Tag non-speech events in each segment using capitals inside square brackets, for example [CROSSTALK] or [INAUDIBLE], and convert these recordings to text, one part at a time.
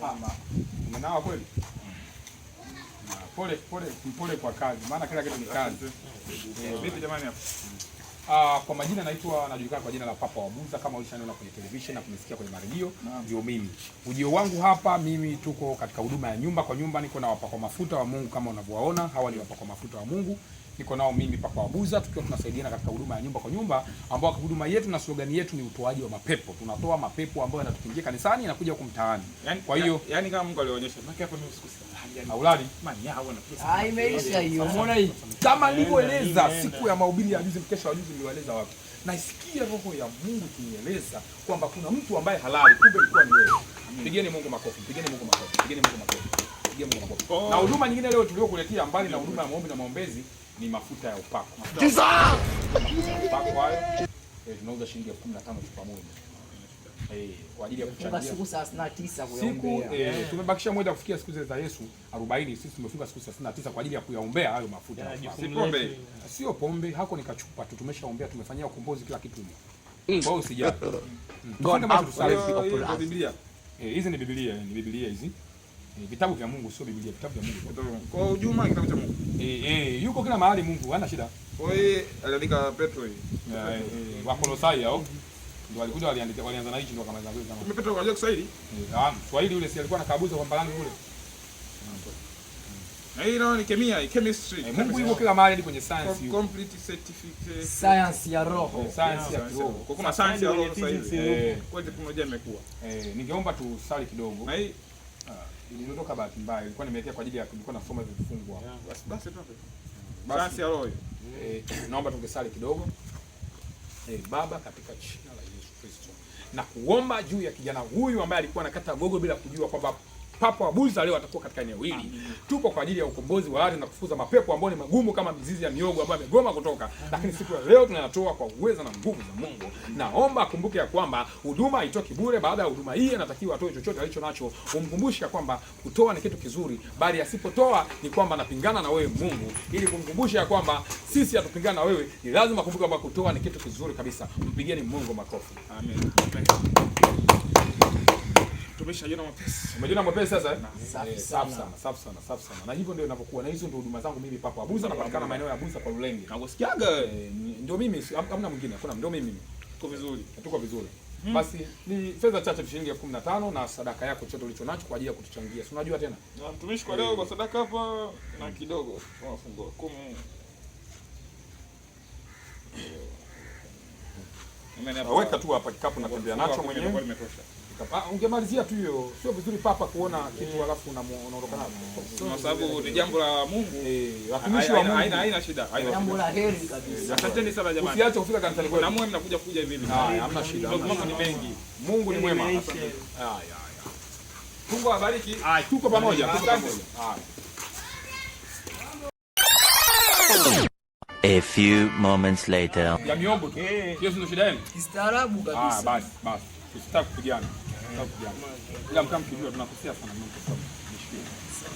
hapa umenawa kweli? Pole pole, mpole kwa kazi, maana kila kitu ni kazi. Vipi jamani hapo? Uh, kwa majina naitwa najulikana kwa jina la Papa wa Buza kama ulishaniona kwenye television na kumesikia kwenye maredio, ndio mimi. Ujio wangu hapa, mimi tuko katika huduma ya nyumba kwa nyumba, niko na wapakwa mafuta wa Mungu kama unavyowaona, hawa ni wapakwa mafuta wa Mungu, niko nao mimi Papa wa Buza, tukiwa tunasaidiana katika huduma ya nyumba kwa nyumba, ambao huduma yetu na slogan yetu ni utoaji wa mapepo. Tunatoa mapepo ambayo yanatukingia kanisani na kuja kumtaani. Yani, Kwa hiyo yani, kama Mungu alionyesha, maana hapa mimi usikusema Aulali imeisha hiyo. Umeona hii, kama nilivyoeleza siku ya mahubiri ya juzi, mkesha wa juzi, niliwaeleza watu, naisikia roho ya Mungu kunieleza kwamba kuna mtu ambaye halali, kumbe ilikuwa ni wewe. Pigeni Mungu makofi, pigeni Mungu makofi, pigeni Mungu makofi, pigeni Mungu makofi. Oh. Na huduma nyingine leo tuliokuletea, mbali na huduma ya maombi na maombezi, ni mafuta ya upako. Mafuta ya upako hayo eh, tunauza shilingi elfu chupa moja. Eh, eh, tumebakisha muda kufikia siku za Yesu 40. Sisi tumefunga siku 39 kwa ajili ya kuyaombea hayo mafuta. Si yaani pombe, sio pombe, hako ni kachupa tu, tumeshaombea, tumefanyia ukombozi kila kitu. Mm. Kwa hiyo usijali. [LAUGHS] Mm. Eh, hizi ni Biblia, ni Biblia hizi. Vitabu vya Mungu sio Biblia, vitabu vya Mungu. Kwa ujuma kitabu cha Mungu. Eh, eh, yuko kila mahali Mungu, hana shida. Kwa hiyo aliandika Petro hii. Wakolosai Kolosai ndio walikuja waliandika walianza na hichi ndio kama zangu kama. Umepita kwa Kiswahili? Ah, Kiswahili yule si alikuwa na kabuza kwa mbalangu yule. Na hii ni kemia, chemistry. Eh, Mungu yuko kila mahali hadi kwenye science. Complete certificate. Science ya roho. Eh, science ya roho. Kwa kuna science ya roho sasa hivi. Kwa teknolojia imekuwa. Eh, ningeomba tusali kidogo. Na hii ah, ilinotoka bahati mbaya. Ilikuwa nimewekea kwa ajili ya kulikuwa na hizo vifungu Basi basi tu. Science ya roho. Eh, naomba tungesali kidogo. Eh, Baba katika jina la na kuomba juu ya kijana huyu ambaye alikuwa anakata gogo bila kujua kwamba papo wa Buza leo atakuwa katika eneo hili. Tupo kwa ajili ya ukombozi wa ardhi na kufuza mapepo ambayo ni magumu kama mizizi ya miogo ambayo imegoma kutoka, lakini siku ya leo tunayatoa kwa uwezo na nguvu za Mungu. Naomba akumbuke ya kwamba huduma haitoki bure. Baada ya huduma hii, anatakiwa atoe chochote alicho nacho. Umkumbushe kwamba kutoa ni kitu kizuri, bali asipotoa ni kwamba anapingana na wewe Mungu, ili kumkumbusha kwamba sisi hatupingana na wewe. Ni lazima akumbuke kwamba kutoa ni kitu kizuri kabisa. Mpigieni Mungu makofi. Amen. Amen. Tumeshajiona mwepesi. Umejiona mwepesi sasa eh? Safi eh, sana, safi sana, safi sana. Na hivyo ndio inavyokuwa. Na hizo ndio huduma zangu mimi Papa Abuza, napatikana maeneo ya Abuza kwa Lulenge. Na kusikiaga eh, ndio mimi, hamna mwingine, hakuna ndio mimi. Tuko vizuri. Tuko vizuri. Hmm. Basi ni fedha chache shilingi elfu kumi na tano na sadaka yako chote ulicho nacho kwa ajili ya kutuchangia. Si unajua tena? Na mtumishi kwa leo kwa sadaka hapa na kidogo wafungo 10. Weka tu hapa kikapu natembea nacho mwenyewe ungemalizia tu hiyo. Sio vizuri papa kuona kitu halafu unaondoka nalo, kwa sababu ni jambo la Mungu, eh, watumishi wa Mungu, haina haina shida, haina jambo la heri kabisa. Asanteni sana jamani, usiache kufika kanisani kwetu, na mwe mnakuja kuja hivi hivi, hamna shida. Mambo ni mengi, Mungu ni mwema. Asante, haya haya, Mungu awabariki, Haya, tuko pamoja, tuko pamoja. A few moments later. Ya miogo tu. Hiyo eh. ndio shida yenu. Kistaarabu kabisa. Ah, basi basi. Usitaki kupigana. Ila mkaa mkijua tunakosea sana.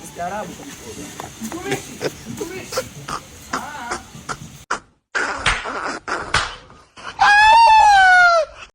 Mstaarabu kabisa.